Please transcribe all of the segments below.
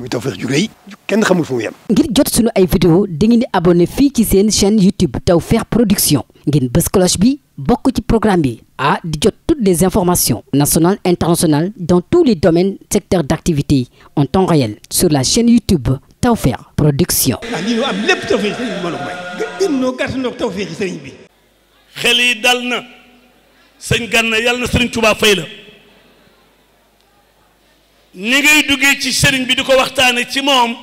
muy Tawfekh ju rëy kenn xamul fu mu yem. ngir jot sunu ay vidéo dangeen di abonné fii ci seen chaîne YouTube Tawfekh Production ngeen bës bi bokk ci programme bi ah di jot toutes les informations nationales internationales dans tous les domaines secteurs d'activité en temps réel sur la chaîne YouTube Tawfekh Production. ah lii am lépp Tawfekh sëriñ bi may. gën noo gàtt noo Tawfekh sëriñ bi. xel yi dal na sëñ Gana yàlla na sëriñ Tuubaa fay la. ni ngay duggee ci sëriñ bi di ko waxtaane ci moom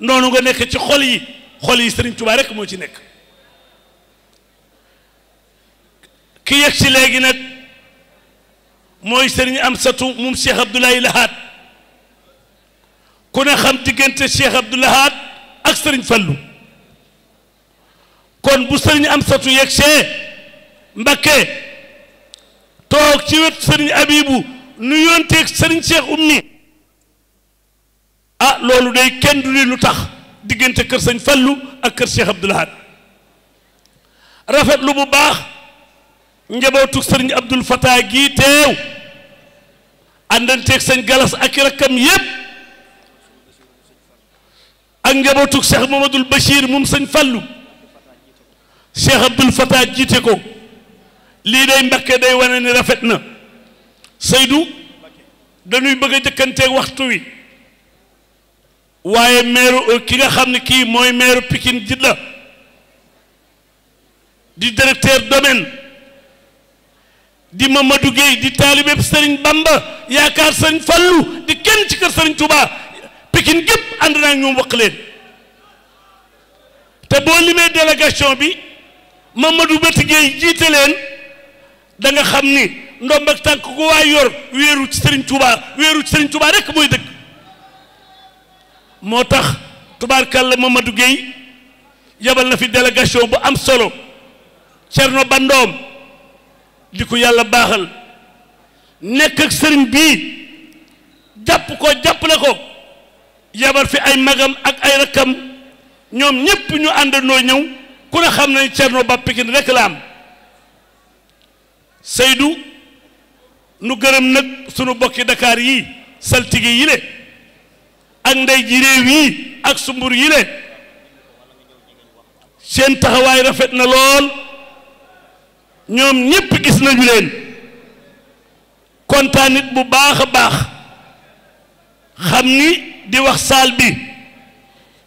noonu nga nekk ci xol yi xol yi sëriñ Tuubaa moo ci nekk ki yegg ci léegi nag mooy sëriñ Amsatu moom Cheikh Abdoulaye Lahad ku ne xam diggante Cheikh Abdoulaye Lahad ak sëriñ Fallu kon bu sëriñ Amsatu yegg see Mbakke toog ci wet sëriñ Abibu nu yonteeg sëriñ Cheikh Oumy a ah, loolu day kenn du li lu tax diggante kër sëñ Fallu ak kër Cheikh Abdoul Ahad rafetlu bu baax njabootu sëriñ Abdoul Fatah gii teew àndanteeg sëñ Galas ak rakkam yépp ak njabootu Cheikh Mamadou Bachir moom sëñ Fallu Cheikh Abdoul Fatah jiite ko lii day Mbakke day wane ni rafet na Seydou dañuy bëgg a jëkkanteeg waxtu wi waaye meeru ki nga xam ne kii mooy meeru Pikine ji la di directeur domaine di Mamadou Gueye di taalibeeb Serigne Bamba yaakaar Serigne Fallou di kenn ci kër Serigne Touba Pikine gépp ànd naa ñoom wax leen te boo limee délégation bi Mamadou Bati Gueye jiite leen da nga xam ni. ndomb ak tànk ko waay yor wéeru ci sëriñ tuubaa wéeru ci sëriñ Touba rek mooy dëgg moo tax tubaarkàlla Mamadou Gueye yabal na fi délégation bu am solo Cerno Bandoom di ko yàlla baaxal nekk ak sëriñ bii jàpp ko jàppale ko yabal fi ay magam ak ay rakkam ñoom ñépp ñu àndandoo ñëw ku ne xam nañ Cerno ba Pikine rek la am Seydou nu gërëm nag sunu bokki Dakar yii saltige yi le ak ndey ji réew yii ak sumbur yi le seen taxawaay rafet na lool ñoom ñépp gis nañu leen kontaan nit bu baax a baax xam ni di wax saal bi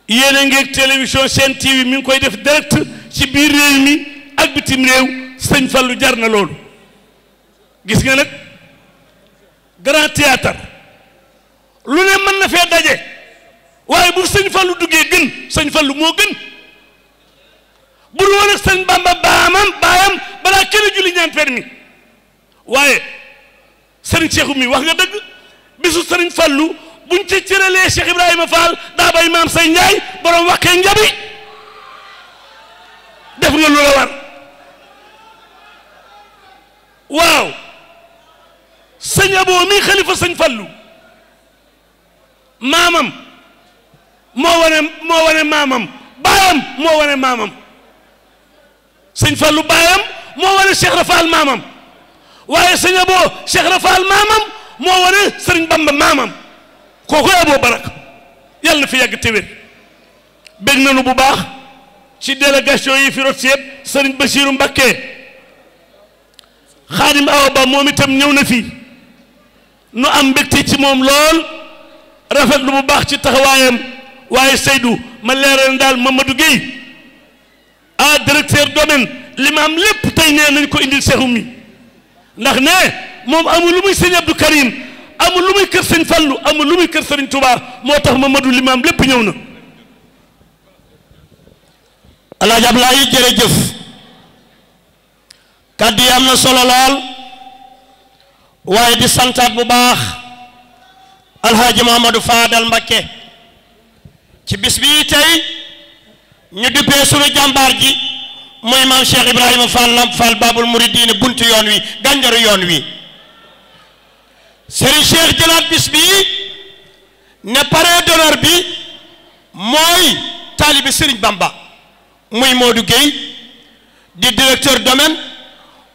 yéen a ngeeg seen TV mi ngi koy def direct ci biir réew mi ak bitim réew sëñ Fallou jar na loolu gis nga nag grand théâtre lu ne mën na fee daje waaye bu sëñ Fallu duggee gën sëñ Fallu moo gën bu dul sëñ Bamba baamam baayam balaa kenn julli ñaan permis waaye sëriñ Cheikh mi wax nga dëgg bisu sëriñ Fallu buñ ci cëralee Cheikh Ibrahima Fall daa bay maam njaay borom waxee njabi def nga lu la war waaw sëñ aboo mi xalifa sëñ fallu maamam moo wane maamam baayam moo wane maamam sëñ fallu baayam moo wane Cheikh Rafaal maamam waaye sëñ aboo Cheikh Rafaal moo wane sëriñ Bamba maamam kooku aboo barak yàlla na fi yàgg te wér bég nanu bu baax ci délégation yi fi rot si yëpp sëriñ xaadim awa ba moom itam ñëw na fi nu am mbégte ci moom lool rafet lu bu baax ci taxawaayam waaye Seydou ma leeral daal Mamadou géey a ah, directeur domaine li am lépp tey nee nañ ko indi seexu mi ndax ne moom amul lu muy sëñ Abdou Karim amul lu muy kër sëñ Fallou amul lu muy kër sëriñ Touba moo tax Mamadou li ma lépp ñëw na Alaaji Ablaye jëf kàddu yi am na solo laal waaye di santaat bu baax alhaaji Mamadou Fadal Mbakke ci bis bii tey ñu duppee sunu jàmbaar ji mooy maam Cheikh Ibrahima Fall Lamp Fall Babul Muridiin buntu yoon wi gànjaru yoon wi Serigne Cheikh jëlaat bis bii ne parrain d'honneur bi mooy taalibi Serigne Bamba muy Modou Gueye di directeur domaine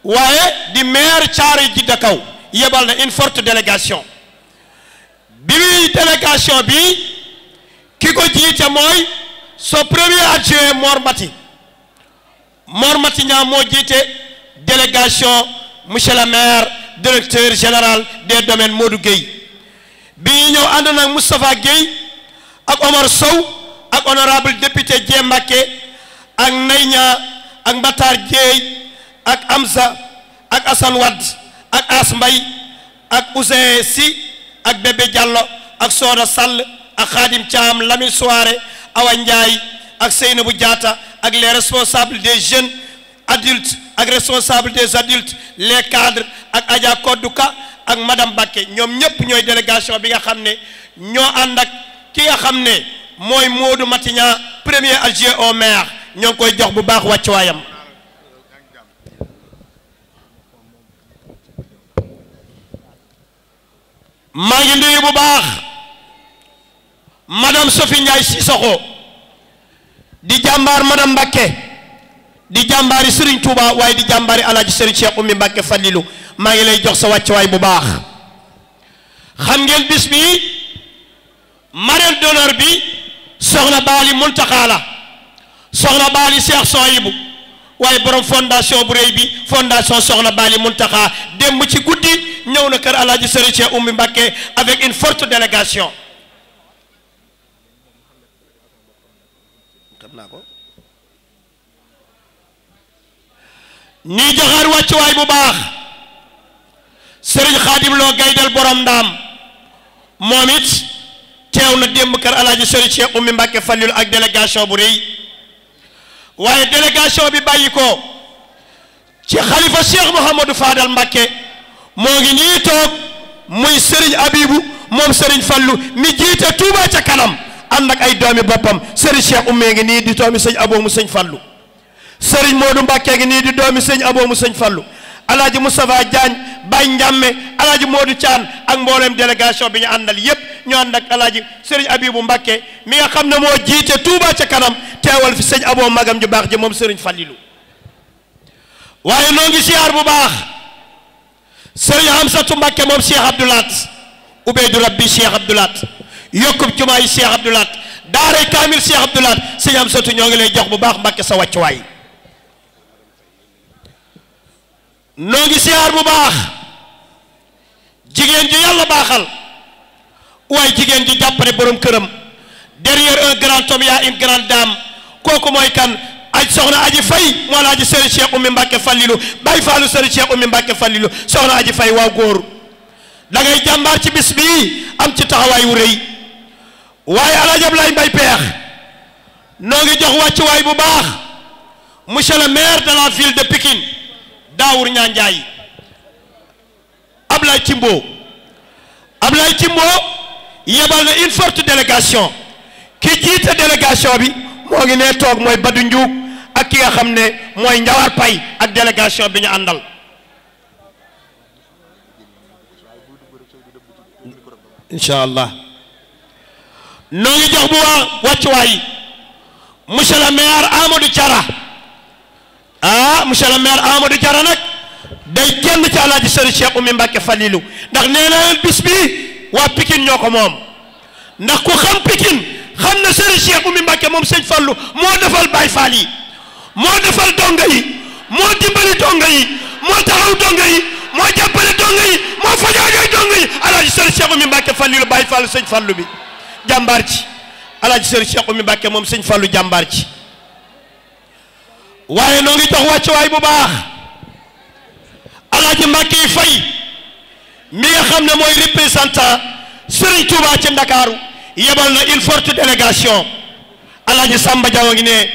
waaye di maire Thiaré ji Dakaw yebal na une forte délégation bi muy délégation bi ki ko jiite mooy son premier adjoint Mor Mati Mor Mati ñaa moo jiite délégation monsieur le maire directeur général des domaines Modou Gueye bi ñu ñëw ànd nag Moustapha Gueye ak Omar Sow ak honorable député Dieng Mbacké ak Nayña ak Mbatar Dieye ak Amza ak Assane Wade ak As Mbay ak Ousseyn Si ak Bébé Diallo ak Sooda Sall ak Xaadim Thiam Lamine Souare Awa Ndiaye ak bu Diatta ak les responsables des jeunes adultes ak responsables des adultes les cadres ak Adja Koduka ak madame Bakke ñoom ñëpp ñooy délégation bi nga xam ne ñoo ànd ak ki nga xam ne mooy Modou Matignan premier adjoint au maire ñoo koy jox bu baax waayam maa ngi nuyu bu baax madame Sophie Ndiaye Cissokho di jàmbaar madame Mbakke di jàmbaari sëriñ Touba waaye di jàmbaari alaaji Serigne Cheikh Oumy Mbakke Fallilou maa ngi lay jox sa wàccuwaay bu baax xam ngeen bis bi marraine d'honneur bi soxna Baali Muntaxa la soxna Baali Cheikh Soyibu waaye borom fondation bu rëy bi fondation Soxna Bali Muntaxa démb ci guddi ñëw na kër Alaaji Sëriñ Cheikh Oumy Mbacké avec une forte délégation xam naa ko ñuy joxaar wàccuwaay bu baax Sëriñ Xaadim Lo gaydal borom ndaam moom teew na démb kër alaaj Sëriñ Cheikh Oumy Mbacké Fallilu ak délégation bu rëy waaye délégation bi bàyyi ko ci xalifa Cheikh Mouhamadou Fadal Mbacké moo ngi nii toog muy Serigne Abibou moom Serigne Fallou mi jiite Touba ca kanam ànd ak ay doomi boppam Serigne Cheikh Oumy ngi nii di doomi sëñ Aboo mu sëñ Fallou Serigne Modou Mbacké ngi nii di doomi sëñ Aboo mu sëñ Fallou Alaaji Moustapha Baye Ndiame alaaji Modou Thian ak mbooleem délégation bi ñu àndal yépp ñu ànd ak alaaji sëriñ Abibu Mbakke mi nga xam ne moo jiite Touba ca kanam teewal fi sëñ Abo magam ju baax ji moom sëriñ Fallilou waaye noo ngi siyaar bu baax sëriñ Hamsatu Mbakke moom Cheikh Abdoulaat ubeydu rabbi Cheikh Abdoulaat yokkub jumaa yi Cheikh Abdoulaat daaray kaamil Cheikh Abdoulaat sëñ Hamsatu ñoo ngi lay jox bu baax Mbakke sa wàccuwaay noo ngi siyaar bu baax jigéen ju yàlla baaxal waaye jigéen ji jàppale borom këram derrière un grand homme y a une dame kooku mooy kan aj soxna aji fay moo la aji sëriñ Cheikh Oumy Mbacke Fallilu bàyyi faalu sëriñ Cheikh Oumy Mbacke soxna aji fay waa góor da jàmbaar ci bis bii am ci taxawaay wu rëy waaye Alaaji Ablaye Mbaye Pekh noo ngi jox wàccuwaay bu baax monsieur le maire de la ville de Pikine Njaay Ablaye Timbo Ablaye yebal na une forte ki jiite délégation bi moo ngi ne toog mooy Badou Ndiouk ak ki nga xam ne mooy Njawar Pay ak délégation bi ñu àndal incha allah noo jox bu waa wàccuwaay monsieur le maire Amadou Diarra ah monsieur le maire Amadou Diarra nag day génn ci alaaji sëriñ Cheikh Oumy Mbacke Falilou ndax nee naa leen bis bii waa Pikine ñoo ko moom ndax ko xam Pikine xam na sëriñ Cheikh Oumy Mbacke moom sëñ Fallou moo defal Baye Fall yi moo defal donga yi moo dimbali donga yi moo taxaw donga yi moo jàppale donga yi moo fajaajooy donga yi alaaji sëriñ Cheikh Oumy Mbacke Falilou Baye Fall sëñ Fallou bi jàmbaar ci alaaji sëriñ Cheikh Oumy Mbacke moom sëñ Fallou jàmbaar ci waaye noo ngi jox wàccuwaay bu baax Alaaji Mbàkke yi fay mi nga xam ne mooy représentant Serigne Touba ci Ndakaaru yebal na il forte délégation Alaaji Samba Jaw ngi ne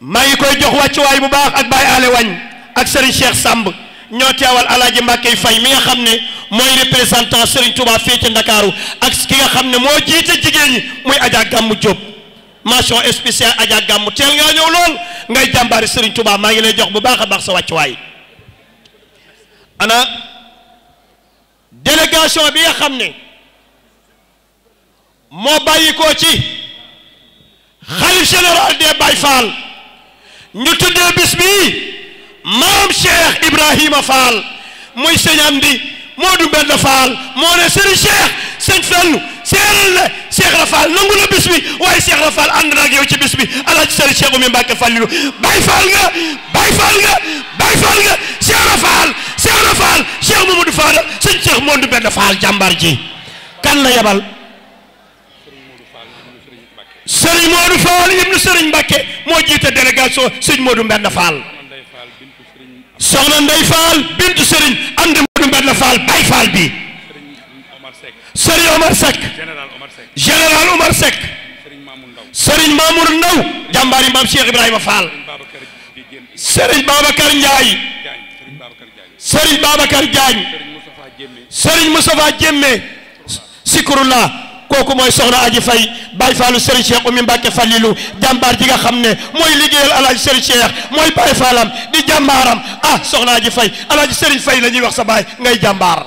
maa ngi koy jox wàccuwaay bu baax ak Baye Ale Wañ ak Serigne Cheikh Samb ñoo teewal Alaaji Mbàkke yi fay mi nga xam ne mooy représentant Serigne Touba fii ci Ndakaaru ak ki nga xam ne moo jiite jigéen ñi muy Adja Gàmmu Jóob mention spéciale Adja Gàmmu teel ngaa ñëw lool ngay jàmbaari Serigne Touba maa ngi lay jox bu baax a baax sa wàccuwaay ana délégation bi nga xam ne moo bàyyikoo ci xalif général des Baye Fall ñu tuddee bis bii maam Cheikh Ibrahima Fall muy sëñ Amdi moo du benn Fall moo ne sëriñ Cheikh sëñ Fallu seeral la Cheikh la Fall nangu la bis waaye Cheikh la Fall ànd na yow ci bis bi alaaji sëriñ Cheikh Oumy Mbacke Fallilu Baye Fall nga Baye Fall nga Baye Fall nga Cheikh Fall Cheikh Mamadou Fall sëñ Cheikh Modou Benda Fall la yabal Serigne Modou Fall ibnu Serigne Mbacke moo jiite délégation sëñ Modou Benda Fall soxna Ndey Fall moo Serigne am di Modou Benda Fall Baye Fall bi Serigne Omar Seck général Omar Seck Serigne Mamour Ndaw jàmbaar yi maam Cheikh Ibrahima Fall Serigne Babacar Ndiaye Serigne Babacar Diagne Serigne Moustapha Jémme sikurullah kooku mooy soxna aji fay Baye Fallou Serigne Cheikh Oumy Mbacke Fallilu jàmbaar ji nga xam ne mooy liggéeyal alaaji Serigne Cheikh mooy Baye Fallam di jàmbaaram ah soxna aji fay alaaji Serigne Fay la ñuy wax sa baay ngay jàmbaar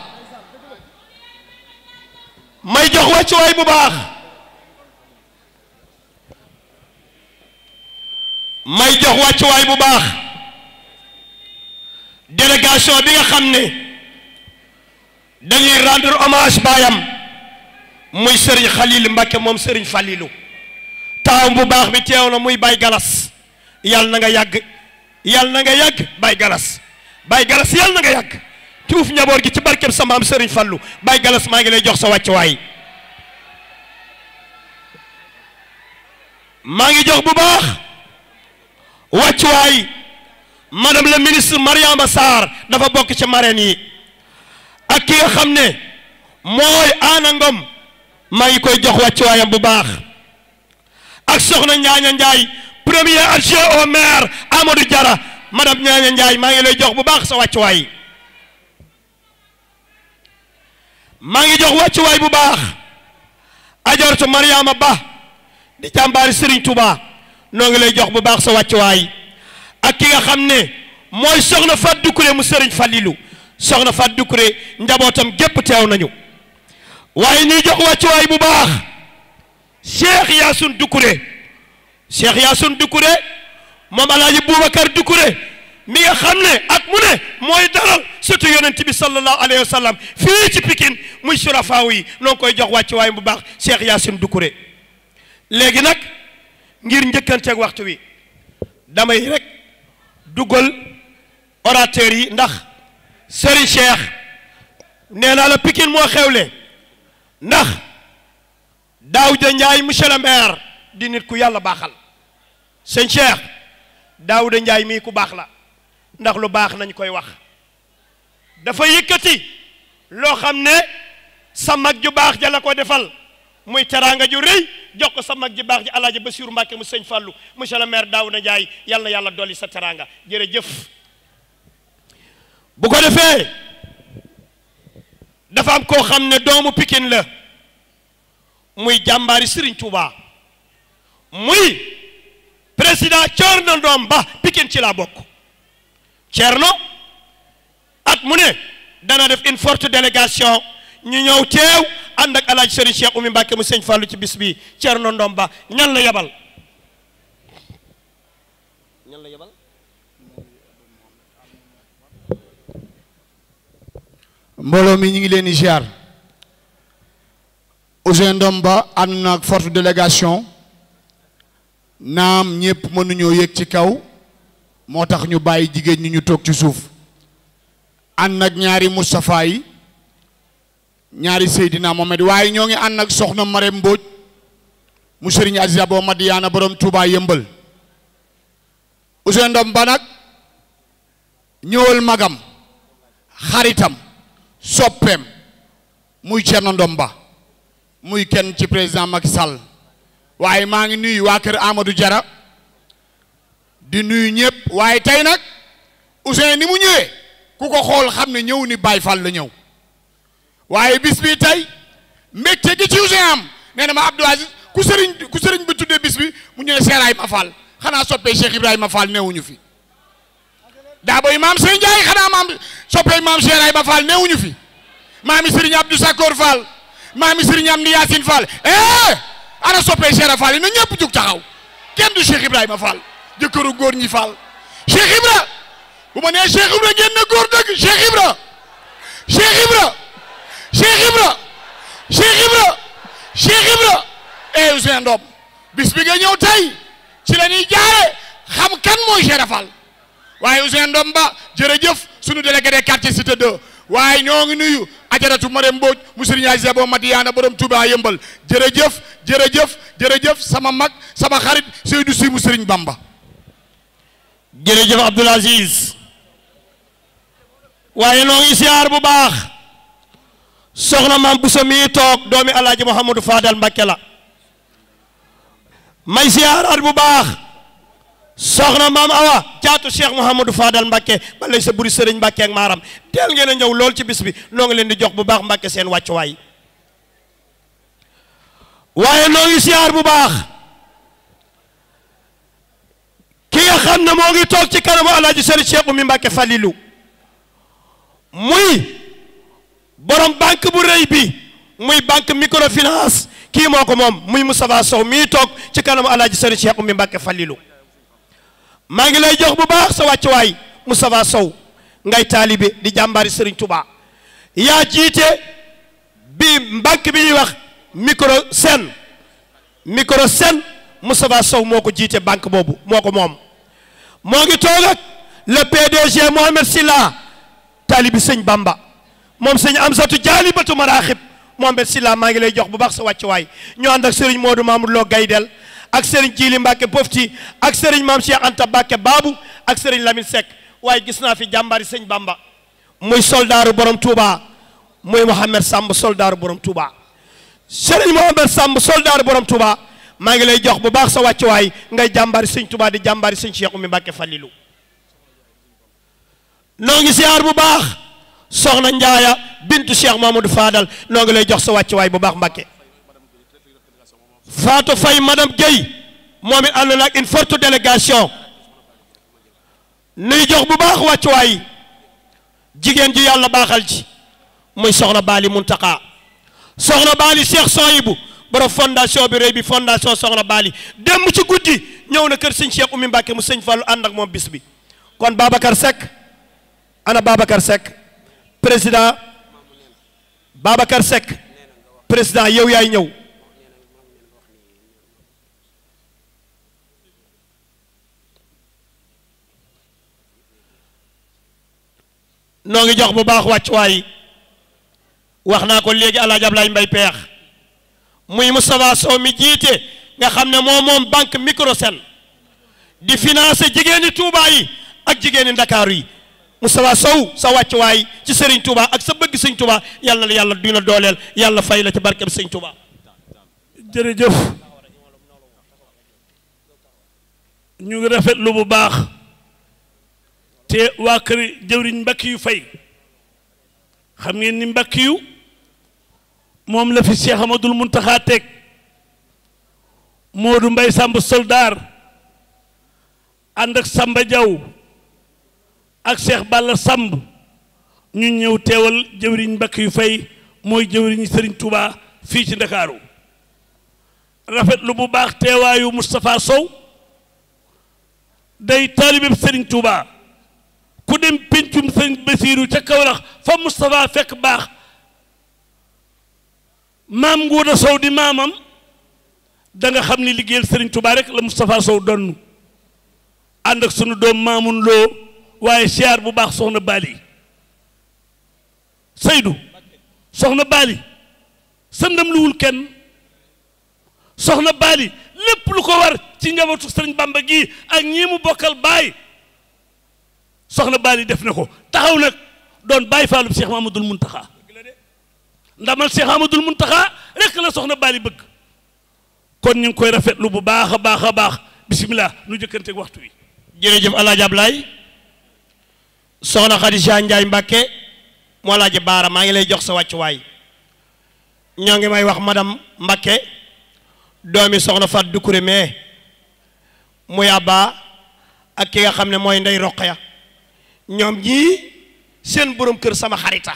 may jox wàccuwaay bu baax may jox wàccuwaay bu baax délégation bi nga xam ne dañuy rendre hommage baayam muy Serigne Khalil Mbacke moom Serigne Fallilou taawam bu baax bi teew na muy Baye Galas yàlla na nga yàgg yàlla na nga yàgg Baye Galas Baye Galas yàlla na nga yàgg tuuf gi ci barkeb sa maam Serigne Fallou Baye Galas maa ngi lay jox sa wàccuwaay maa ngi jox bu baax wàccuwaay. madame la ministre Mariama Sarr dafa bokk ci marraine yi ak ki nga xam ne mooy Aana maa ngi koy jox wàccuwaayam bu baax ak soxna na Njaay premier adjoint au maire Amadou Diarra madame Ñaaña Njaay maa ngi lay jox bu baax sa waay maa ngi jox wàccuwaay bu baax ajartu Mariama Ba di jàmbaari Serigne Touba noo ngi lay jox bu baax sa wàccuwaay ak ki nga xam ne mooy soxna Fatou Doucouré mu sëriñ Fallilou soxna Fatou Doucouré njabootam gépp teew nañu waaye ñuy jox wàccuwaay bu baax Cheikh Yaasun Doucouré Cheikh Yaasun Doucouré moom alaaji Boubacar Doucouré mi nga xam ne at mu ne mooy dalal surtout yonent bi sallallahu alayhi wa sallam fii ci Pikine muy surafaaw yi noo koy jox wàccuwaay bu baax Cheikh Yaasun Doucouré léegi nag ngir njëkkanteeg waxtu wi damay rek duggal orateur yi ndax Serigne Cheikh nee naa la pikin moo xewle ndax Daouda Ndiaye monsieur le maire di nit ku yàlla baaxal sëñ Cheikh Daouda njaay mii ku baax la ndax lu baax nañ koy wax dafa yëkkati loo xam ne sa mag ju baax ja la ko defal muy teraanga ju rëy jox ko sa mag ji baax ji alaaji Basiiru Mbàkke mu sëñ Fàllu monsieur le maire Daawda Njaay yal na yàlla dolli sa teraanga jërëjëf bu ko defee dafa am koo xam ne doomu Pikine la muy jàmbaari Serigne Touba muy président Thierno doom Ba pikin ci laa bokk Thierno at mu ne dana def une forte délégation ñu ñëw teew ànd ak alaaj sëriñ Cheikh Oumy Mbacke mu sëñ Fallou ci bis bi Thierno Ndomba ñan la yebal ñan la yebal mbooloo mi ñu ngi leen di ziar Ousseyn Ndomba ànd na ak forte délégation naam ñëpp mënuñoo yëg ci kaw moo tax ñu bàyyi jigéen ñu ñu toog ci suuf ànd ak ñaari Moustapha yi ñaari Seydina Mohamed waaye ñoo ngi ànd ak soxna Marème Mbodj mu Serigne Aziz Abo Madiana borom Touba yëmbal Ousseynou Ndom ba nag ñëwal magam xaritam soppeem muy Thierno Ndom ba muy kenn ci président Macky sàll waaye maa ngi nuyu waa kër Amadou Jara di nuyu ñëpp waaye tey nag Ousseynou ni mu ñëwee ku ko xool xam ne ñëw ni Baye Fall la ñëw waaye bis bi tey mbégte gi ci ma Abdou Aziz ku sëriñ ku bi tuddee bis bi mu ñëwee Seeraay ma Fall xanaa soppee Cheikh Ibrahima Fall neewuñu fi daa booy maam Sëriñ xanaa maam soppee maam Seeraay ma Fall neewuñu fi maami sëriñ Abdou Sakor Fall maami sëriñ Amdi Yacine Fall eh ana soppee Seera Fall yi na ñëpp jug taxaw kenn du Cheikh Ibrahima Fall jëkkëru góor ñi Fall Cheikh Ibra bu ma nee Cheikh Ibra génn góor dëgg Cheikh Ibra Cheikh Ibra Cheikh Ibra Cheikh Ibra Cheikh Ibra eh Ousmane Ndom bis bi nga ñëw tey ci la ñuy jaare xam kan mooy Cheikh Rafal waaye Ousmane Ndom ba jërëjëf sunu délégué des quartiers cité 2 waaye ñoo ngi nuyu ajaratu Marème Mbodj mu Serigne Aziza Bo Madiana borom Touba yëmbal jërëjëf jërëjëf jërëjëf sama mag sama xarit Seydou Sy mu Serigne Bamba jërëjëf Abdoul Aziz waaye noo ngi bu baax soxna maam Bousso mii toog doomi alaaji Mouhamadou Fadal Mbakke la may siyaaraat bu baax soxna maam awa caatu cheikh Mouhamadou Fadal Mbakke ba lay sa buri sëriñ Mbakke maaram teel ngeen a lool ci bis bi noo leen di jox bu baax Mbakke seen wàccuwaay waaye noo ngi siyaar bu baax ki nga xam ne moo toog ci kanamu alaaji sëriñ cheikh Oumy Mbakke Falilou muy borom banque bu rey bi muy banque microfinance kii moo ko moom muy Moustapha Sow mii toog ci kanamu alaaji sëriñ Cheikh Oumy Mbacke Fallilou maa ngi lay jox bu baax sa wàccuwaay Moustapha Sow ngay taalibe di jàmbaari sëriñ Touba yaa jiite bi banque bi ñuy wax micro sen micro sen Moustapha Sow moo ko jiite banque boobu moo ko moom moo ngi toog ak le PDG Mohamed Silla taalibi sëñ Bamba moom sëñ Amsatu jaalibatu maraaxib Mohamed Silla maa ngi lay jox bu baax sa wàccuwaay ñoo ànd ak Serigne Modou Mamoud Lo Gaydel ak Serigne Jili Mbacke Pofti ak Serigne Maam Cheikh Anta Mbacke Baabu ak Serigne Lamine Seck waaye gis naa fi jàmbaari sëñ Bamba muy soldaaru borom Touba muy Mohamed Samb soldaaru borom Touba Serigne Mohamed Samb soldaaru borom Touba maa ngi lay jox bu baax sa wàccuwaay ngay jàmbaari sëñ Touba di jàmbaari sëñ Cheikh Oumy Mbacke Fallilou noo ngi siyaar bu baax. soxna njaaya bintu cheikh mamadou fadal noo ngi lay jox sa wàccuwaay bu baax mbàkke faatu fay madame Guèye moom it ànd na ak une forte délégation nuy jox bu baax wàccuwaay jigéen ji yàlla baaxal ji muy soxna baali muntaka soxna baali cheikh soyibu borom fondation bi réy bi fondation soxna baali démb ci guddi ñëw na kër sëñ cheikh ummi mbàkke mu sëñ fallu ànd ak moom bis bi kon babacar seck ana babacar seck président Babacar Seck président yow yaay ñëw noo ngi jox bu baax wàccuwaay wax naa ko léegi El Hadj Abdoulaye Mbaye Peex muy Moustapha Sow mi jiite nga xam ne moo moom banque Microsen di financer jigéeni Touba yi ak jigéeni Ndakaaru yi. Moustapha Sow sa wàccuwaay ci Serigne tubaa ak sa bëgg Serigne Touba yàlla la yàlla du la dooleel yàlla fay la ci barkeb Serigne Touba. jërëjëf ñu ngi rafetlu bu baax te waa kër jëwriñ mbakki yu fay xam ngeen ni mbakki yu moom la fi Cheikh Amadou Mountakha teg Modou mbay sàmba soldaar ànd ak Samba Diaw. ak Cheikh Balla sàmb ñu ñëw teewal jëwriñ mbakk yu fay mooy jëwriñ sëriñ Touba fii ci ndakaaru rafetlu bu baax teewaayu mustafaa Sow day taalibeb sëriñ Touba ku dem pencum Serigne Basiiru ca Kawlax fa Moustapha fekk baax maam Nguuda Sow di maamam da xam ni liggéeyal sëriñ Touba rek la Moustapha Sow donn ànd ak sunu doom maamun loo waaye siyaar bu baax soxna Bali Seydou soxna Bali sëndam luwul kenn soxna Bali lépp lu ko war ci njabootu sëriñ Bamba gi ak ñii mu bokkal baay soxna baali def na ko taxaw nag doon bàyyi faalub Cheikh Mamadul Muntaxa ndamal Cheikh Mamadul Muntaxa rek la soxna baali bëgg kon ñu ngi koy rafetlu bu baax a baax a baax bisimilah nu jëkkanteeg waxtu wi. jërëjëf El Hadj Ablaye soxna Khadija Njaay Mbàkke moo laaji baara maa ngi lay jox sa wàccuwaay ñoo ngi may wax madame Mbàkke doomi soxna fat dukure mee muy abaa ak ki nga xam ne mooy ndey Roqaya ñoom ñii seen borom kër sama xarita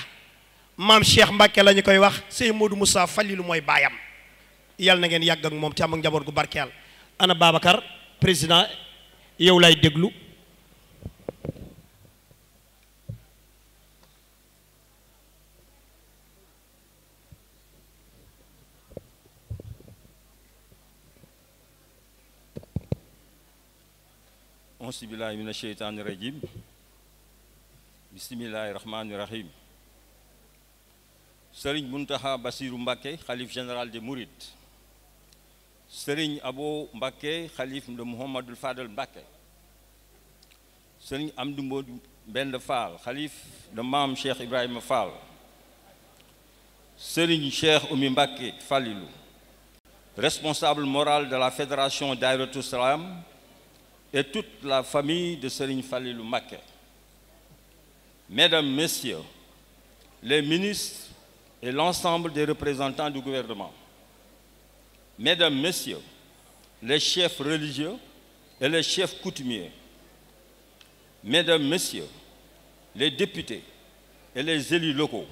maam Cheikh Mbàkke la ñu koy wax sëñ Modou Moussa falilu mooy baayam yàlla na ngeen yàgg ak moom te am ak njaboot gu barkeel ana Babacar président yow lay déglu ahousubillahi min asheytaani irajim bisimillahi rahmaanirahim sëriñ muntaxa basiru mbàkke xalif général des mourides sëriñ abo mbàkke xalif de mouhamadul fadal mbàkke sëriñ amdu mboodu mbend faal xalif de maam cheikh ibrahima faal sëriñ cheikh umi mbàkke falilu responsable moral de la fédération Dahiratoul Salam et toute la famille de Serigne Falilou Mbacké. Mesdames, Messieurs, les ministres et l'ensemble des représentants du gouvernement. Mesdames, Messieurs, les chefs religieux et les chefs coutumiers. Mesdames, Messieurs, les députés et les élus locaux.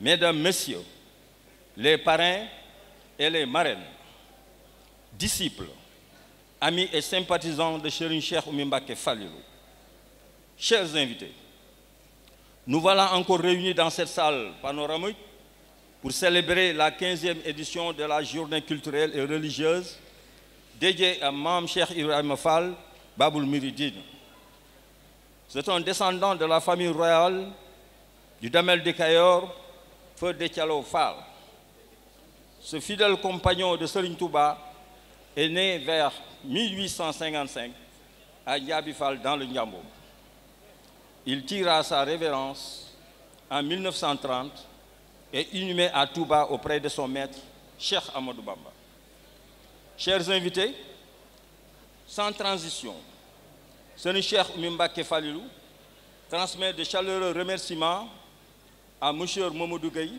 Mesdames, Messieurs, les parrains et les marraines, disciples amis et sympathisants de Serigne Cheikh Oumy Mbacké Falilou. Chers invités, nous voilà encore réunis dans cette salle panoramique pour célébrer la 15e édition de la journée culturelle et religieuse dédiée à Mame Cheikh Ibrahima Fall, Baboul Mouridine. C'est un descendant de la famille royale du Damel de Kayor, feu de Thialo Fall. Ce fidèle compagnon de Serigne est né 1855 à Diabifal dans le Ndiambo. Il tira sa révérence en 1930 et inhumé à Touba auprès de son Cheikh Amadou Bamba. Chers invités, sans transition, Cheikh Oumimba Kefalilou transmet de chaleureux remerciements à M. Momodou Gueye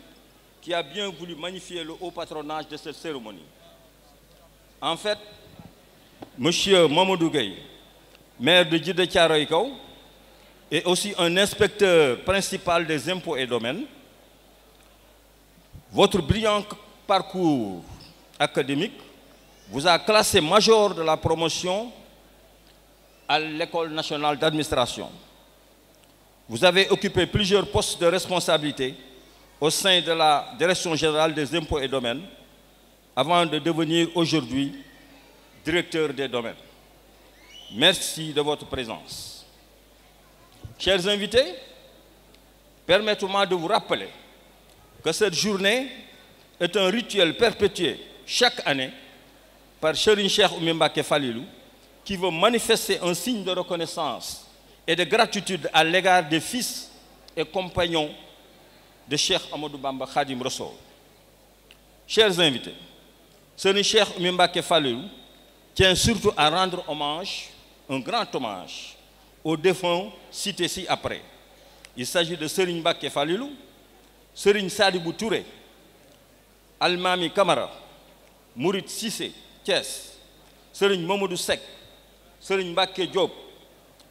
bien voulu magnifier le haut patronage de cette cérémonie. Monsieur Mamadou Gueye, maire de Djidé Thiaroye Kao et aussi un inspecteur principal des impôts et domaines, votre brillant parcours académique vous a classé major de la promotion à l'École nationale d'administration. Vous avez occupé plusieurs postes de responsabilité au sein de la Direction générale des impôts et domaines avant de devenir aujourd'hui directeur des domaines, merci de votre présence. Chers invités, permettez-moi de vous rappeler que cette journée est un rituel perpétué chaque année par Serigne Cheikh Oumy Mbacké Falilou, qui veut manifester un signe de reconnaissance et de gratitude à l'égard des fils et compagnons de Cheikh Amadou Bamba Khadim Rassoul. Chers invités, Serigne Cheikh Oumy Mbacké tient surtout à rendre hommage, un grand hommage, aux défunts cités ci-après. Il s'agit de Serigne Mbacké Falilou, Serigne Sadibou Touré, Almami Kamara, Mourid Cissé, Thiès, Serigne Mamadou Seck, Serigne Mbacké Diop,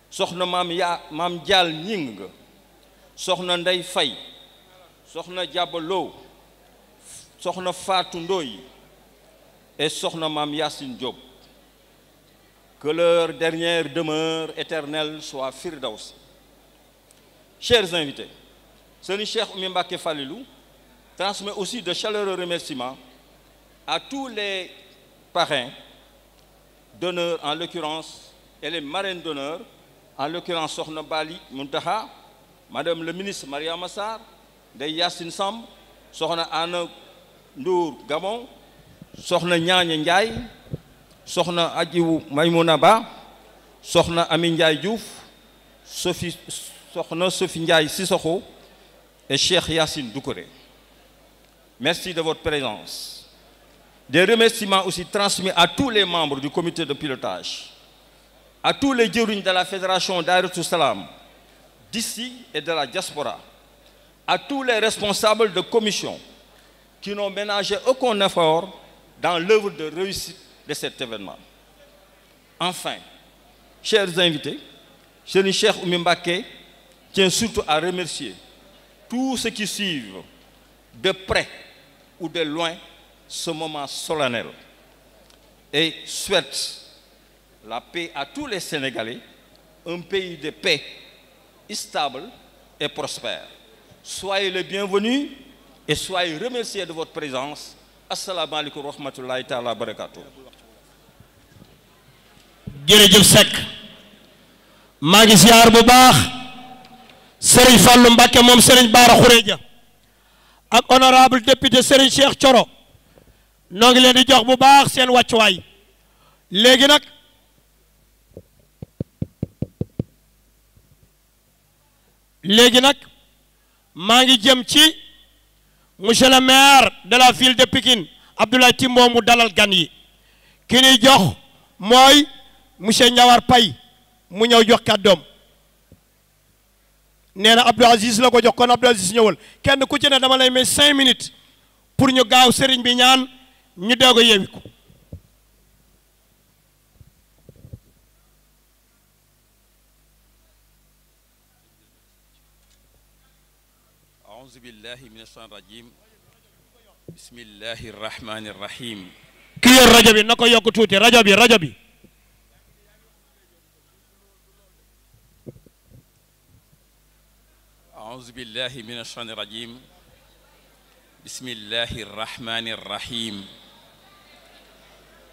Soxna Maam Ya Maam Dial Ñing, Soxna Ndey Fay, Soxna Diaba Lo, Soxna Fatou Ndoye et Soxna Maam Yacine Diop. que leur dernière demeure éternelle soit Firdaus. Chers invités, Serigne Cheikh Oumy Mbacké Falilou transmet aussi de chaleureux remerciements à tous les parrains d'honneur en l'occurrence et les marraines d'honneur en l'occurrence soxna Bali Muntaha, Madame le ministre Mariama Sarr, Ndeye Yacine Samb, Sokhna Anna Ndour Gamon, Sokhna Ñaña Ndiaye soxna ajiwu Maymuna Ba soxna Ami Ndiaye Diouf Sophie soxna Sophie Ndiaye Sissoko et Cheikh Yassine Doukouré merci de votre présence des remerciements aussi transmis à tous les membres du comité de pilotage à tous les jëriñ de la fédération Daïratoul Salam d'ici et de la diaspora à tous les responsables de commission qui n'ont ménagé aucun effort dans l'œuvre de réussite de cet événement. Enfin, chers invités, Chéri Cheikh Oumimbake tient surtout à remercier tous ceux qui suivent de près ou de loin ce moment solennel et souhaite la paix à tous les Sénégalais, un pays de paix, stable et prospère. Soyez les bienvenus et soyez remerciés de votre présence. Assalamu alaikum wa rahmatullahi wa barakatuh. jërëjëf Seck maa ngi ziar bu baax Serigne Fallou Mbacké moom Serigne Bara Khourédia ak honorable député Serigne Cheikh Thioro noo ngi leen di jox bu baax seen wàccuwaay léegi nag léegi nag maa ngi jëm ci monsieur le maire de la ville de Pikine Abdoulaye Timbo mu dalal gan yi ki ñuy jox mooy monsieur Ndiawar pay mu ñëw jox kàddoom nee na Abdou Aziz la ko jox kon Abdou Aziz ñëwal kenn ku ci ne dama lay may cinq minutes pour ñu gaaw sëriñ bi ñaan ñu doog a yeewiku auzu billahi min ashaytan rajim bismillahi rahmani rahim ki yor rajo bi na ko yokk tuuti rajo bi rajo bi بالله من الشيطان الرجيم بسم الله الرحمن الرحيم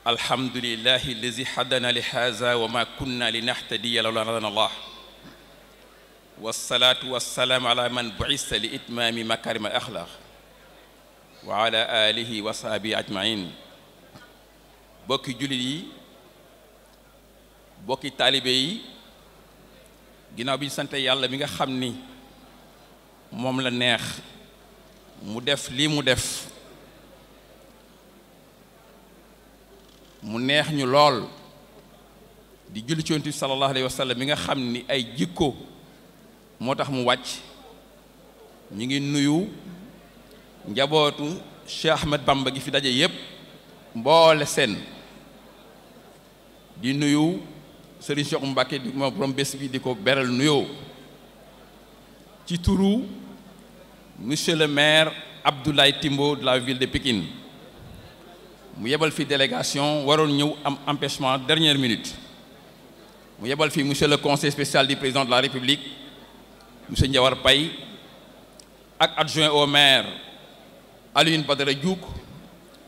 الحمد لله الذي حدنا لهذا وما كنا لنهتدي لولا هدانا الله والصلاة والسلام على من بعث لإتمام مكارم الأخلاق وعلى آله وصحبه أجمعين bokki jullit yi bokki taalibe yi ginnaaw bi ñu sante yàlla mi nga xam ni moom la neex mu def lii mu def mu neex ñu lool di julli ci Yonent bi sallallahu bi nga xam ni ay jikko moo tax mu wàcc ñu ngi nuyu njabootu Cheikh Ahmed Bamba gi fi daje yépp mboole seen di nuyu Serigne Cheikh Mbacké di ma borom bés bi di ko beral nuyoo ci turu monsieur le maire Abdoulaye Timbo de la ville de Pikine mu yebal fi délégation waroon ñëw am empêchement dernière minute mu yebal fi monsieur le conseil spécial du président de la république monsieur Ndiawar Paye ak adjoint au maire Alioune Badara Diouk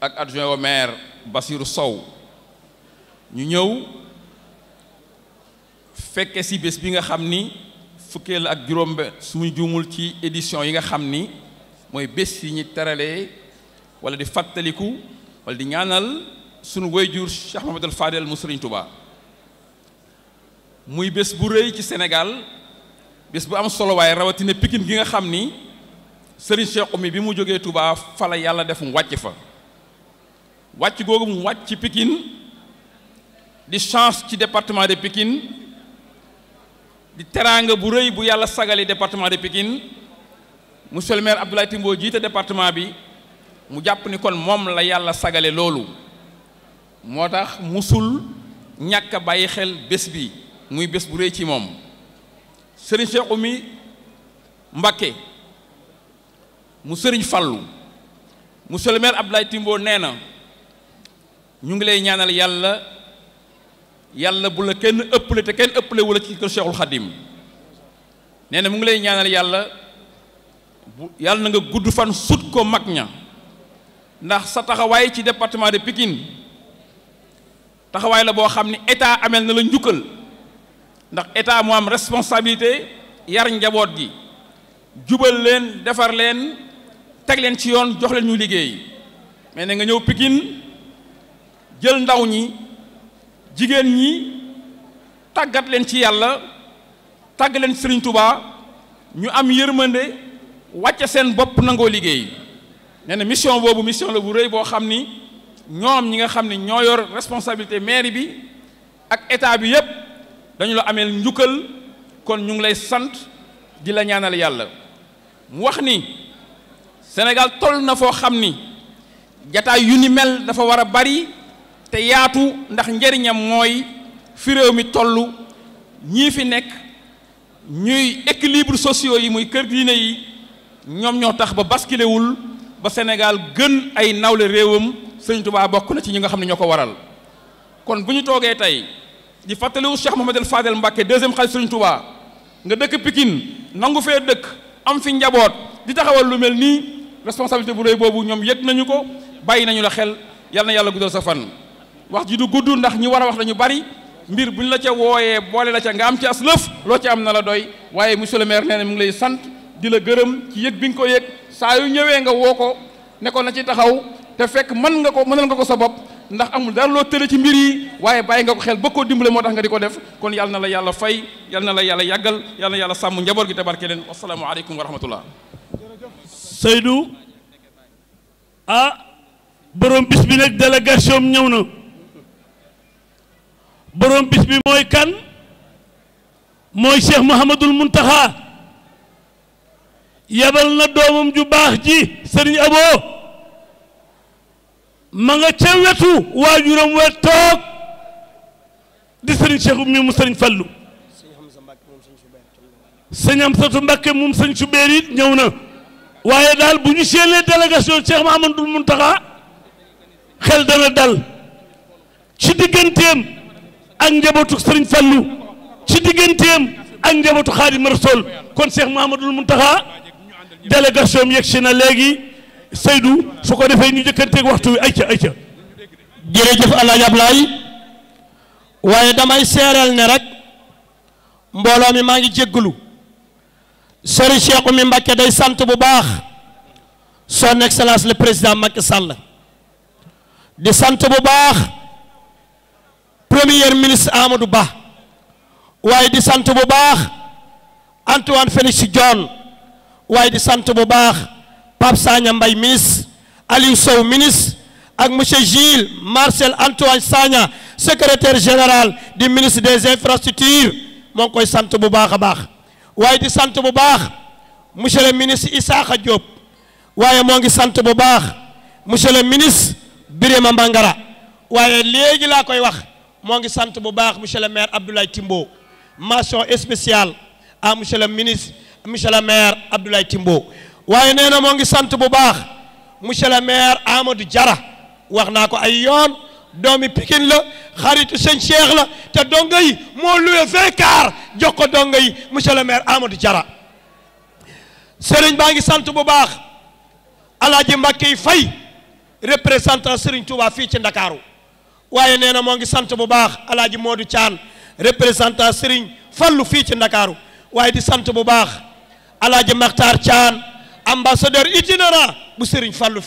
ak adjoint au maire Bassirou Sow ñu ñëw fekke si bés bi nga xam ni la ak juróom ba suñu juumul ci édition yi nga xam ni mooy bés yi ñu terale wala di fàttaliku wala di ñaanal suñu wayjur Cheikh Mahamadul Fadel mu Sëriñ Tuba muy bés bu rëy ci Sénégal bés bu am solo waaye rawatina pikin gi nga xam ni Sëriñ Cheikh Oumy bi mu jógee Tuba fala yàlla def mu wàcc fa wàcc googu mu wàcc ci Pikine di chance ci département de Pikine di teraanga bu rëy bu yàlla sagalee département de Pikine monsieur le maire Abdoulaye jiite département bi mu jàpp ni kon moom la yàlla sagale loolu moo tax musul ñàkk bàyyi xel bés bi muy bés bu rëy ci moom sëriñ Cheikh Oumy Mbacké mu sëriñ Fallu monsieur le maire Abdoulaye nee na ñu ngi lay ñaanal yàlla yàlla bu la kenn ëppale te kenn ëppale wala ci kër Cheikhul Khadim nee na mu ngi lay ñaanal yàlla bu yàlla na nga gudd fan sut ko mag ña ndax sa taxawaay ci département de Pikine taxawaay la boo xam ne état amel na la njukkal ndax état moo am responsabilité yar njaboot gi jubal leen defar leen teg leen ci yoon jox leen ñu liggéey mais na nga ñëw pikin jël ndaw ñi. jigéen ñi tàggat leen ci yàlla tàgg leen sëriñ tubaa ñu am yërmande wàcce seen bopp nangoo liggéey nee na mission boobu mission la bu rëy boo xam ni ñoom ñi nga xam ni ñoo yor responsabilité mairie bi ak état bi yépp dañu la ameel njukkal kon ñu ngi lay sant di la ñaanal yàlla mu wax ni Sénégal toll na foo xam ni jataay yu ni mel dafa war a bari te yaatu ndax njëriñam mooy fi réew mi toll ñii fi nekk ñuy équilibre sociaux yi muy kër diine yi ñoom ñoo tax ba basculé wul ba Sénégal gën ay nawle réewam Sëriñ Tuubaa bokk na ci ñi nga xam ne ñoo ko waral kon bu ñu toogee tey di fàttaliwu Cheikh Mouhamadou Fadel Mbacké deuxième xalifa Sëriñ Tuubaa nga dëkk pikin nangu fee dëkk am fi njaboot di taxawal lu mel nii responsabilité bu rëy boobu ñoom yëg nañu ko bàyyi nañu la xel yal na yàlla guddal sa fan wax ji du gudd ndax ñi war a wax dañu bari mbir buñ la ca wooyee boole la ca nga am ci as lëf loo ca am na la doy waaye monsieur le maire nee mu ngi lay sant di la gërëm ci yëg bi nga ko yëg saa yu ñëwee nga woo ko nekkoon na ci taxaw te fekk mën nga ko mënal nga ko sa bopp ndax amul dara loo tële ci mbir yi waaye bàyyi nga ko xel ba koo dimbale moo tax nga di ko def kon yàlla na la yàlla fay yàlla na la yàlla yàggal yàlla yàlla sàmm njaboot gi tabarke leen wasalaamualeykum wa rahmatullah Seydou ah borom bis na boroom bis bi mooy kan mooy cheikh Mouhamadul Muntaxa yabal na doomam ju baax ji sëriñ aboo ma nga ca wetu waajuram we toog di sëriñ cheikh mi mu sëriñ fallu sëñ Amsatu Mbàkke moom sëñ Subeer it ñëw na waaye daal bu ñu séenee délégation Cheikh Mahamadul Muntaxa xel dana dal ci digganteem ak njabootu Serigne Fallou ci digganteem ak njabootu Xaadimu Rasuul kon Cheikh Mouhamadoul Mountakha délégation bi yegg si na léegi Seydou su ko defee ñu jëkkanteeg waxtu wi ayca ayca. jërëjëf El Hadj Ablaye waaye damay seereel ne rek mbooloo mi maa ngi jéggalu Serigne Cheikh mi Mbacké day sant bu baax son excellence le président Macky sàll di sant bu baax. premier ministre Amadou baax waaye di sant bu baax Antoine Félix Diome waaye di sant bu baax Pape Sagna mbay ministre Aliou Sow ministre ak monsieur Gilles Marcel Antoine Sagna secrétaire général di ministre des infrastructures moo ngi koy sant bu baax a baax waaye di sant bu baax monsieur le ministre Issakha Diop waaye moo ngi sant bu baax monsieur le ministre Birima Mbangara waaye léegi laa koy wax moo ngi sant bu baax monsieur le maire Abdoulaye Timbo mention spéciale à monsieur le ministre monsieur le maire Abdoulaye Timbo waaye nee na moo ngi sant bu baax monsieur le maire Amadou Diarra wax naa ko ay yoon doomi Pikine la xaritu sëñ Cheikh la te donga yi moo loué vingt car jox ko donga monsieur le maire Amadou Diarra seriñ baa ngi sant bu baax alaaji Mbàkke yi fay représentant sëriñ Touba fii ci Ndakaaru waaye nee na moo ngi sant bu baax alaaji Modou caan représentant Serigne fallu fii ci ndakaaru waaye di sant bu baax alaaji Makhtar Thian ambassadeur itinérant bu Serigne Fallou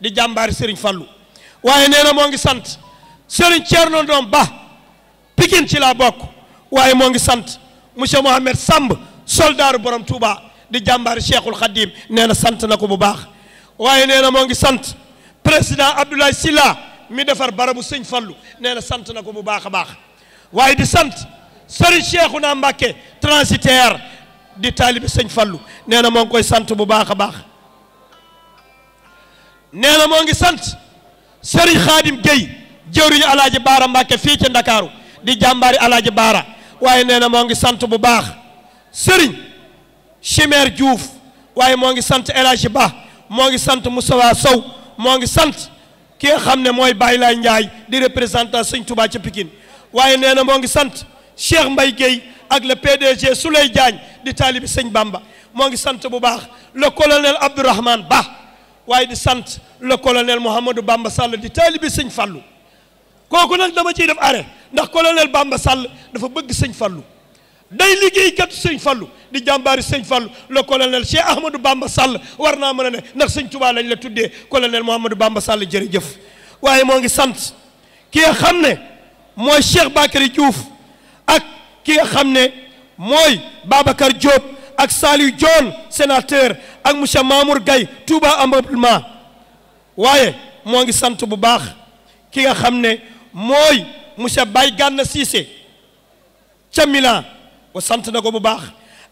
di jàmbaari Serigne Fallou waaye nee na moo ngi sant Serigne Thierno Ndom Ba Pikine ci laa bokk waaye moo ngi sant monsieur Mohamed Samb soldaaru borom Touba di jàmbaari Cheikhul Khadim nee na sant na ko bu baax waaye nee na moo ngi sant président Abdoulaye Sylla mi defar barabu sëñ Fallu nee na sant na ko bu baax a baax waaye di sant sëriñ Cheikhouna Mbacké transitaire di taalibi sëñ Fallu nee na moo ngi koy sant bu baax a baax nee na moo ngi sant sëriñ Khadim Gueye jëwriñu alaaji Baara Mbacké fii ci Ndakaaru di jàmbaari alaaji Baara waaye nee na moo ngi sant bu baax sëriñ Chimère Diouf waaye moo ngi sant El Hadji Ba moo ngi sant Moustapha Sow moo ngi sant ki nga xam ne mooy Baye Laye Ndiaye di représentant sëñ Touba ca pikin waaye nee na moo ngi sant Cheikh mbay Guèye ak le PDG Souley Diagne di taalibi sëñ Bamba moo ngi sant bu baax le colonel Abdourahmane Ba waaye di sant le colonel Mouhamadou Bamba Sall di taalibi sëñ Fallou kooku nag dama ciy def arrêt ndax colonel Bamba Sall dafa bëgg sëñ fallu day liggéeykatu sëñ fallu di jàmbaari sëñ Fallou le colonel Cheikh Ahmadou Bamba Sall war naa mën a ne ndax sëñ Touba lañ la tuddee colonel Mouhamadou Bamba Sall jërëjëf waaye moo ngi sant ki nga xam ne mooy Cheikh Bakary Diouf ak ki nga xam ne mooy Babacar Diop ak Saliou Dione senateur ak monsieur Mamour Gaye Touba amablement waaye moo ngi sant bu baax ki nga xam ne mooy monsieur Baye Gana Cissé cha Milan ba sant na ko bu baax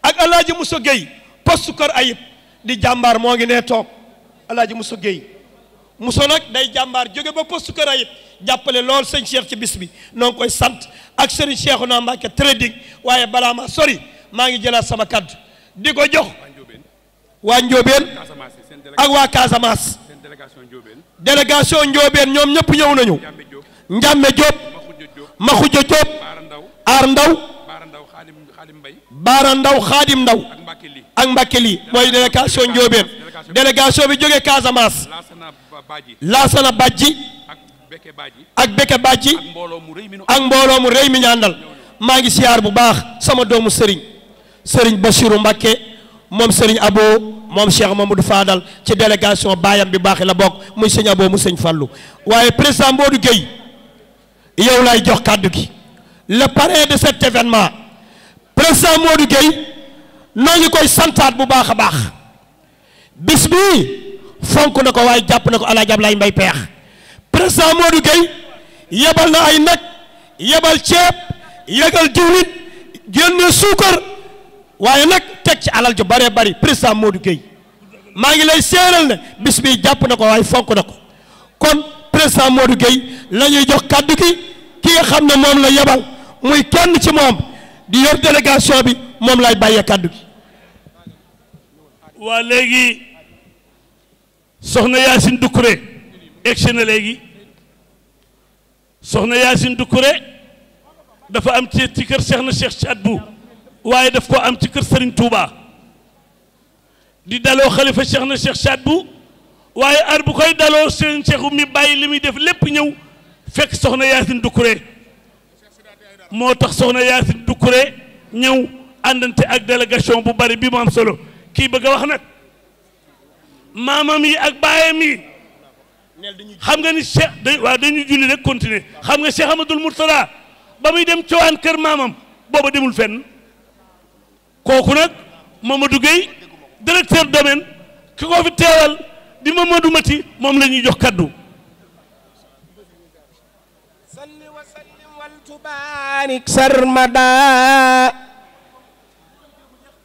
ak alaaji Moussa Gueye poste kër ayib di jàmbaar moo ngi nee toog alaaji Moussa Gueye Moussa nag day jàmbaar jóge ba poste kër ayib jàppale lool sëñ Cheikh ci bis bi noo koy sant ak sëriñ Cheikhouna Mbacké trading waaye balaa ma sori maa ngi jëlaat sama kaddu di ko jox waa Ndiobène ak waa Casamance délégation Ndiobène ñoom ñëpp ñëw nañu Ndiamé Diop Makhoudia Diop Aar Ndaw baara ndaw xaadim ndaw ak mbàkke lii mooy délégation njóobeen délégation bi jógee Casamance laasana bàjji ak bekke bàjji ak mbooloo mu rëy mi ñu àndal maa ngi siyaar bu baax sama doomu sëriñ sëriñ Basiru Mbàkke moom sëriñ Abo moom Cheikh Mamadou Fadal ci délégation baayam bi baax la bokk muy sëñ Abo mu sëñ Fallou waaye président Modou Gueye yow lay jox kàddu gi le parrain de cet événement président Modou Gueye noo ngi koy santaat bu baax a baax bis bii fonk na ko waaye jàpp na ko El Hadj mbay Mbaye Pekh président Modou Gueye yebal na ay nag yebal ceeb yegal diwlin génne suukar waaye nag teg ci alal ju bëree bëri président Modou Gueye maa ngi lay seeral ne bis bii jàpp na ko waaye fonk na ko kon président Modou Gueye la ñuy jox kàddu gi ki nga xam ne moom la yebal muy kenn ci moom. di yor délégation bi moom lay bàyyee kàddu gi waa léegi soxna Yacine Doucouré egsi na léegi soxna Yacine Doucouré dafa am ci ci kër Cheikh na Cheikh Saad bu waaye daf ko am ci kër Serigne Touba di daloo xalifa Cheikh na Cheikh Saad Bou waaye ar bu koy daloo seen Cheikh mi bàyyi li muy def lépp ñëw fekk soxna Yacine Doucouré moo tax soxna Yaasin Dukkure ñëw àndante ak délégation bu bari bii mu am solo kii bëgg a wax nag maamam yi ak baayam yi xam nga ni Cheikh da waaw dañuy julli rek continuer xam nga Cheikh Amadul Murtada ba muy dem cowaan kër maamam booba demul fen kooku nag Mamadou Gueye directeur domaine ki ko fi teewal di Mamadou Mati moom la ñuy jox kaddu بارك سرمدا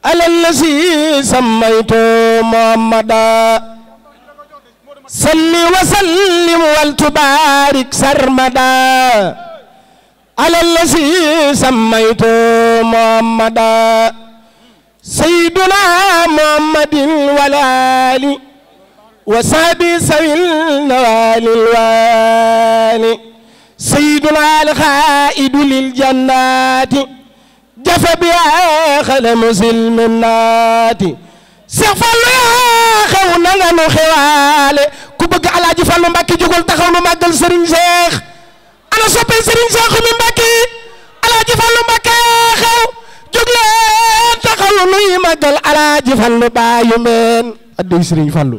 على الذي سميته محمدا صل وسلم ولتبارك سرمدا على الذي سميته محمدا سيدنا محمد والآل وصحبه سوي النوال الوالي سيدنا الخائد للجنات جف بها خلم سلمنات Seex Fallu yaa xew na nga nu xewaale ku bëgg alaaji Fallu Mbàkke jógal taxaw nu màggal sëriñ Seex ana soppe sëriñ Seex mi Mbàkke alaaji Fallu Mbàkke yaa xew jóg leen taxaw nuy màggal alaaji Fallu baayu meen addoy sëriñ Fallu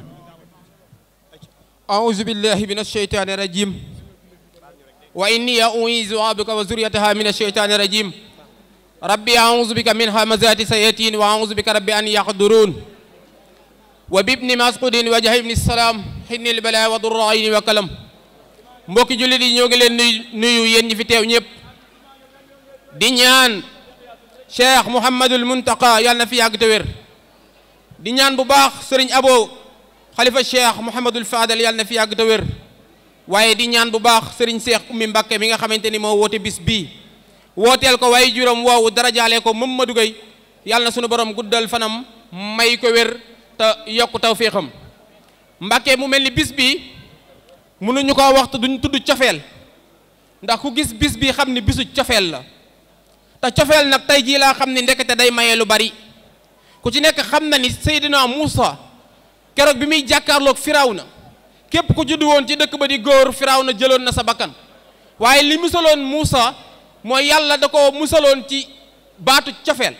a'uuzu billaahi mina sheytaani rajiim wa inni u'iizuhaa bika wa zurriyatahaa mina shaytaani rajiim rabbi a'uuzu bika min hamazaati sayaatiin wa a'uuzu bika rabbi an yahduruun wa bibni masqudin wa jahibni salaam xinnil balaa wa durra ayni wa kalam mbokki jullit yi ñoo ngi leen nuyu nuyu yéen ñi fi teew ñëpp di ñaan cheikh mouhamadul muntaka yàlla na fi yàgg te wér di ñaan bu baax sëriñ abo xalifa cheikh mouhamadul fadal yàlla na fi yàgg te wér waaye di ñaan bu baax sëriñ seex ummi Mbàkke mi nga xamante ni moo woote bis bii wooteel ko waaye juróom woowu darajaale ko moom Madou Gueye yàlla na sunu borom guddal fanam may ko wér te yokku taw féexam Mbàkke mu mel ni bis bii mënuñu ko wax te duñ tudd cofeel ndax ku gis bis bii xam ni bisu cofeel la te cofeel nag tey jii laa xam ni ndekete day mayee lu bari ku ci nekk xam na ni Seydina Muusa keroog bi muy jàkkaarloog na képp ku juddu woon ci dëkk ba di góor firaaw na jëloon na sa bakkan waaye li musaloon Muusa mooy yàlla da ko musaloon ci baatu cofeel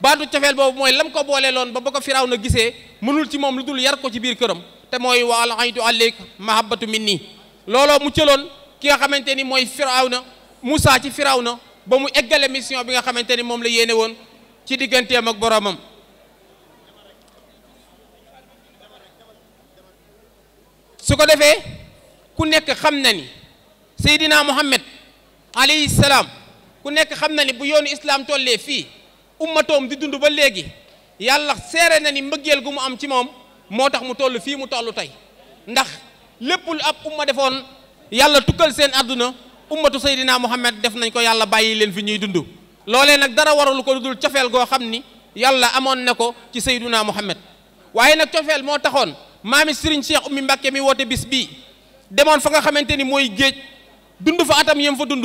baatu cofeel boobu mooy lam ko boolee loon ba ba ko firaaw na gisee mënul ci moom lu dul yar ko ci biir këram te mooy wa alhaytu aleyk mahabbatu minni looloo mu cëloon ki nga xamante ni mooy firaaw na Muusa ci firaaw na ba mu eggale mission bi nga xamante ni moom la yéene woon ci digganteem ak boromam su ko defee ku nekk xam na ni Seydina Muhammad alayhi salaam ku nekk xam na ni bu yoonu islaam tollee fii ummatoom di dund ba léegi yàlla seere na ni mbëggeel gu mu am ci moom moo tax mu toll fii mu toll tey ndax lépp lu ab umma defoon yàlla tukkal seen àdduna ummatu seydinaa Muhammad def nañ ko yàlla bàyyi leen fi ñuy dund loolee nag dara waralu ko dul cofeel goo xam ni yàlla amoon na ko ci Seydina Muhammad waaye nag cofeel moo taxoon maami Serigne Cheikh Oumy Mbacké mi woote bis bii demoon fa nga xamante ni mooy géej dund fa atam yem fa dund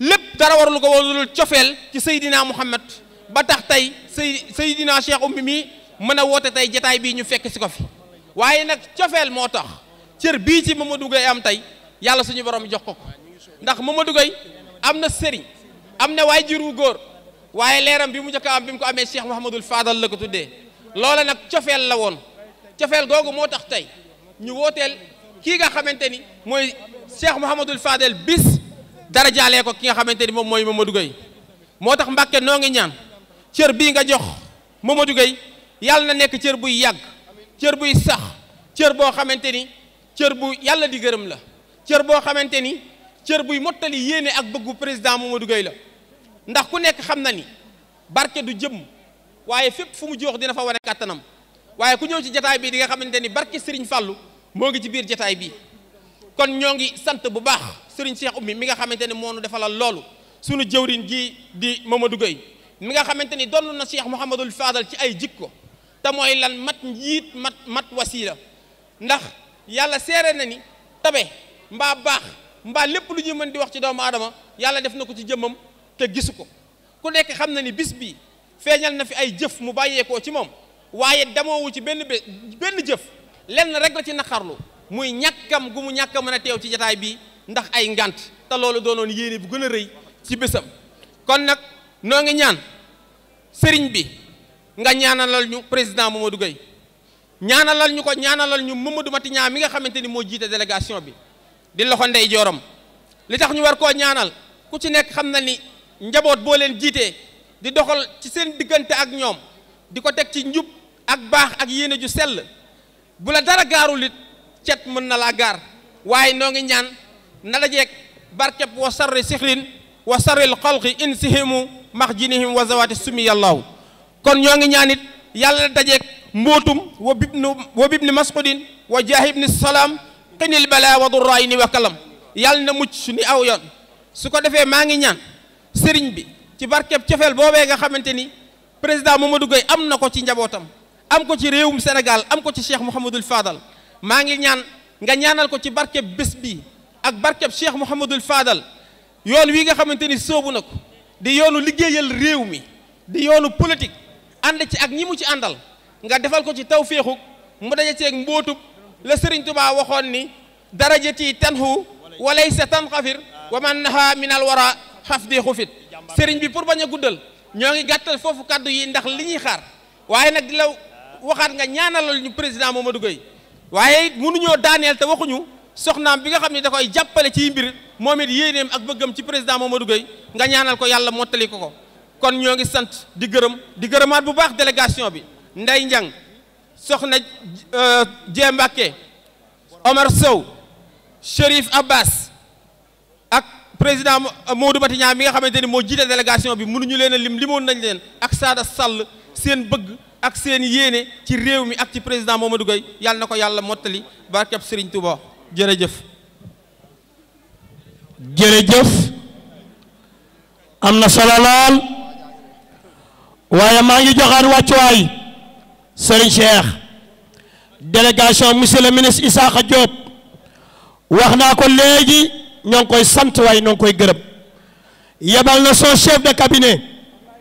lépp dara warul ko warul cofeel ci Seydina Muhammad ba tax tey Sey Seydina Cheikh Oumy mi mën a woote tey jataay bii ñu fekk si ko fi waaye nag cofeel moo tax cër bii ci Mamadou Gueye am tey yàlla suñu borom jox ko ko ndax Mamadou Gueye am na sëriñ am na waay jiru góor waaye leeram bi mu jëkk am bi mu ko amee Cheikh Mouhamadul Fadal la ko tuddee loola nag cofeel la woon cofeel googu moo tax tey ñu wooteel kii nga xamante ni mooy Cheikh Mouhamadul Fadel bis dara jaalee ko ki nga xamante ni moom mooy Mamadou Gueye moo tax Mbàkke noo ngi ñaan cër bii nga jox Mamadou Gueye yàlla na nekk cër buy yàgg cër buy sax cër boo xamante ni cër bu yàlla di gërëm la cër boo xamante ni cër buy mottali yéene ak bëggu président Mamadou Gueye la ndax ku nekk xam na ni barke du jëm waaye fépp fu mu jox dina fa wane kàttanam waaye ku ñëw ci jataay bii di nga xamante ni barki Serigne Fallou moo ngi ci biir jataay bi kon ñoo ngi sant bu baax Serigne Cheikh Oumy mi nga xamante ni moo nu defalal loolu sunu jëwriñ gi di Mamadou Gueye mi nga xamante ni donn na Cheikh Mouhamadul Fadal ci ay jikko te mooy lan mat njiit mat mat wasiila ndax yàlla seere na ni tabe mbaa baax mbaa lépp lu ñuy mën di wax ci doomu aadama yàlla def na ko ci jëmmam te gisu ko ku nekk xam na ni bis bi feeñal na fi ay jëf mu bàyyeekoo ci moom waaye demoowu ci benn bé benn jëf lenn rek la ci naqarlu muy ñàkkam gu mu ñàkk mën a teew ci jataay bi ndax ay ngànt te loolu doonoon yéene bu gën a rëy ci bésam kon nag noo ngi ñaan sëriñ bi nga ñaanalal ñu président Mamadou Gueye ñaanalal ñu ko ñaanalal ñu Mamadou Mati Niang mi nga xamante ni moo jiite délégation bi di loxo ndey jooram li tax ñu war koo ñaanal ku ci nekk xam na ni njaboot boo leen jiitee di doxal ci seen diggante ak ñoom di ko teg ci njub ak baax ak yéene ju sell bu la dara gaarul it cet mën na laa gaar waaye noo ngi ñaan na dajeeg barkeb wa sarri sixrin wa sarril xalqi insihimu max jinihim wa zawaati sumi yàllaahu kon ñoo ngi ñaan it yàlla na dajeeg mbóotum wa bibnu wa bibni masqudin wa jaahibni salaam xinil bala wa durraay ni wa kalam yàlla na mucc ni aw yoon su ko defee maa ngi ñaan sëriñ bi ci barkeb cofeel boobee nga xamante ni président Mamadou Gueye am na ko ci njabootam am ko ci réew réewum Sénégal am ko ci Cheikh Mouhamadul Fadal maa ngi ñaan nga ñaanal ko ci barkeb bés bi ak barkeb Cheikh Mouhamadul Fadal yoon wi nga xamante ni sóobu na ko di yoonu liggéeyal réew mi di yoonu politique ànd ci ak ñi mu ci àndal nga defal ko ci tawféexu mu daje ceeg mbóotub la Sëriñ Tuubaa waxoon ni darajati tanhu walaysa tanxafir wa man naha min al wara xafdi xufit sëriñ bi pour bañ a guddal ñoo ngi gàttal foofu kàddu yi ndax li ñuy xaar waaye nag di waxaat nga ñaanalal ñu président Mamadou Gueye waaye it mënuñoo daaneel te waxuñu soxnaam bi nga xam ne da koy jàppale ci mbir moom it yéeneem ak bëggam ci président Mamadou Gueye nga ñaanal ko yàlla mottali ko ko kon ñoo ngi sant di gërëm di gërëmaat bu baax délégation bi Ndey Njang soxna Jee euh, Mbàkke Omar Sow Chérif Abbas ak président moo Modou Batiña bi nga xamante ni moo jiite délégation bi mënuñu leen a lim limoon nañ leen ak Sada Sall seen bëgg ak seen yéene ci réew mi ak ci président Mamadou Gueye yàlla na ko yàlla mottali barkeb Serigne Touba jërëjëf. jëf am na solo lool waaye maa ngi joxaat wàccuwaay Serigne Cheikh délégation monsieur le ministre Issakha Diop wax naa ko léegi ñoo ngi koy sant waay ñoo koy gërëm yebal na son chef de cabinet.